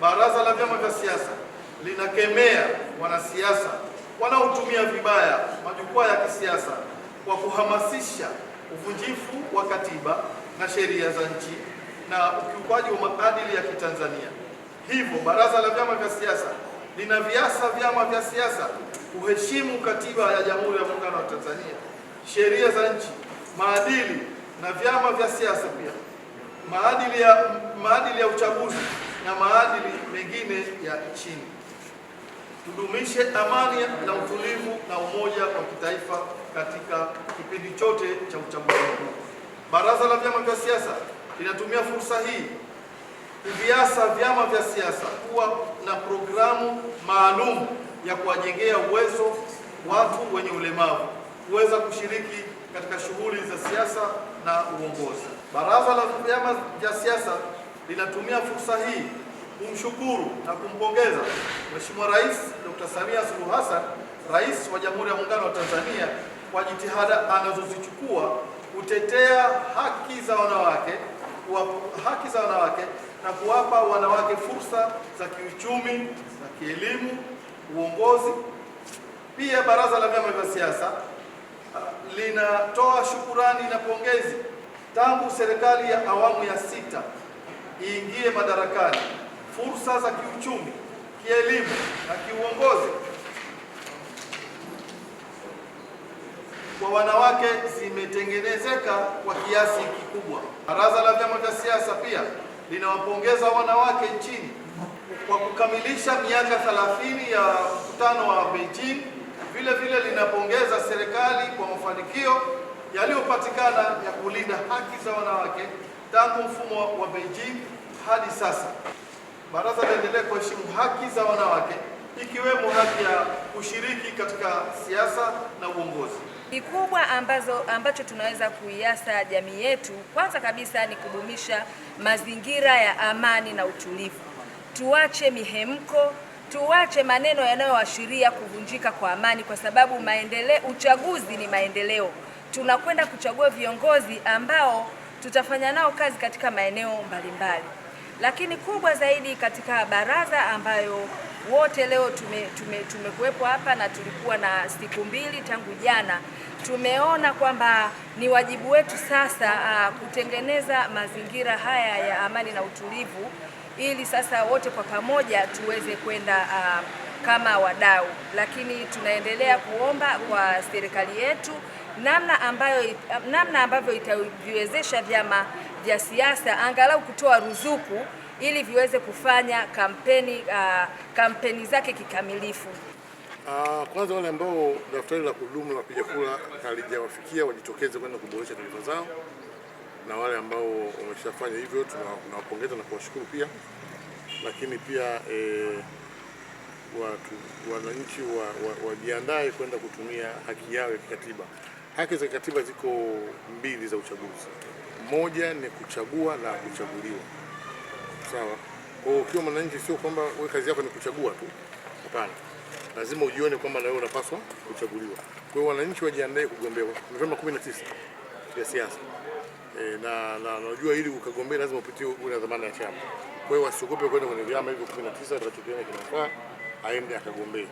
Baraza la vyama vya siasa linakemea wanasiasa wanaotumia vibaya majukwaa ya kisiasa kwa kuhamasisha uvunjifu wa katiba na sheria za nchi na ukiukwaji wa maadili ya Kitanzania. Hivyo, baraza la vyama vya siasa linaviasa vyama vya siasa kuheshimu katiba ya Jamhuri ya Muungano wa Tanzania, sheria za nchi, maadili na vyama vya siasa pia maadili ya, maadili ya uchaguzi na maadili mengine ya nchini. Tudumishe amani na utulivu na umoja wa kitaifa katika kipindi chote cha uchaguzi huu. Baraza la vyama vya siasa linatumia fursa hii kuviasa vyama vya siasa kuwa na programu maalum ya kuwajengea uwezo watu wenye ulemavu kuweza kushiriki katika shughuli za siasa na uongozi. Baraza la vyama vya siasa linatumia fursa hii kumshukuru na kumpongeza Mheshimiwa Rais Dr. Samia Suluhu Hassan, Rais wa Jamhuri ya Muungano wa Tanzania kwa jitihada anazozichukua kutetea haki za wanawake haki za wanawake na kuwapa wanawake fursa za kiuchumi, za kielimu, uongozi. Pia Baraza la Vyama vya Siasa ah, linatoa shukurani na pongezi tangu serikali ya awamu ya sita iingie madarakani, fursa za kiuchumi, kielimu na kiuongozi kwa wanawake zimetengenezeka kwa kiasi kikubwa. Baraza la vyama vya siasa pia linawapongeza wanawake nchini kwa kukamilisha miaka 30 ya mkutano wa Beijing. Vile vile linapongeza serikali kwa mafanikio yaliyopatikana ya kulinda haki za wanawake tangu mfumo wa Beijing hadi sasa. Baraza linaendelea kuheshimu haki za wanawake ikiwemo haki ya kushiriki katika siasa na uongozi. Kikubwa ambazo ambacho tunaweza kuiasa jamii yetu, kwanza kabisa ni kudumisha mazingira ya amani na utulivu. Tuache mihemko, tuache maneno yanayoashiria kuvunjika kwa amani, kwa sababu maendeleo, uchaguzi ni maendeleo tunakwenda kuchagua viongozi ambao tutafanya nao kazi katika maeneo mbalimbali, lakini kubwa zaidi katika baraza ambayo wote leo tume tumekuwepo tume hapa na tulikuwa na siku mbili tangu jana, tumeona kwamba ni wajibu wetu sasa a, uh, kutengeneza mazingira haya ya amani na utulivu ili sasa wote kwa pamoja tuweze kwenda uh, kama wadau, lakini tunaendelea kuomba kwa serikali yetu namna ambayo namna ambavyo itaviwezesha vyama vya siasa angalau kutoa ruzuku ili viweze kufanya kampeni uh, kampeni zake kikamilifu. Uh, kwanza wale ambao daftari la kudumu la wapiga kura halijawafikia wajitokeze kwenda kuboresha taarifa zao, na wale ambao wameshafanya hivyo tunawapongeza na kuwashukuru pia, lakini pia eh, watu wananchi wajiandae wa, wa kwenda kutumia haki yao ya kikatiba. Haki za kikatiba ziko mbili za uchaguzi, moja ni kuchagua na kuchaguliwa, sawa. Kwa hiyo ukiwa mwananchi, sio kwamba wewe kazi yako ni kuchagua tu, hapana, lazima ujione kwamba na wewe unapaswa kuchaguliwa. Kwa hiyo wananchi wajiandae kugombea Novemba 19 ya siasa e, na najua na, ili ukagombea lazima upitie una dhamana ya chama. Kwa hiyo wasiogope kwenda kwenye vyama hivyo 19 atachokana kinafaa ఆయన్ని అక్కడ ఉండి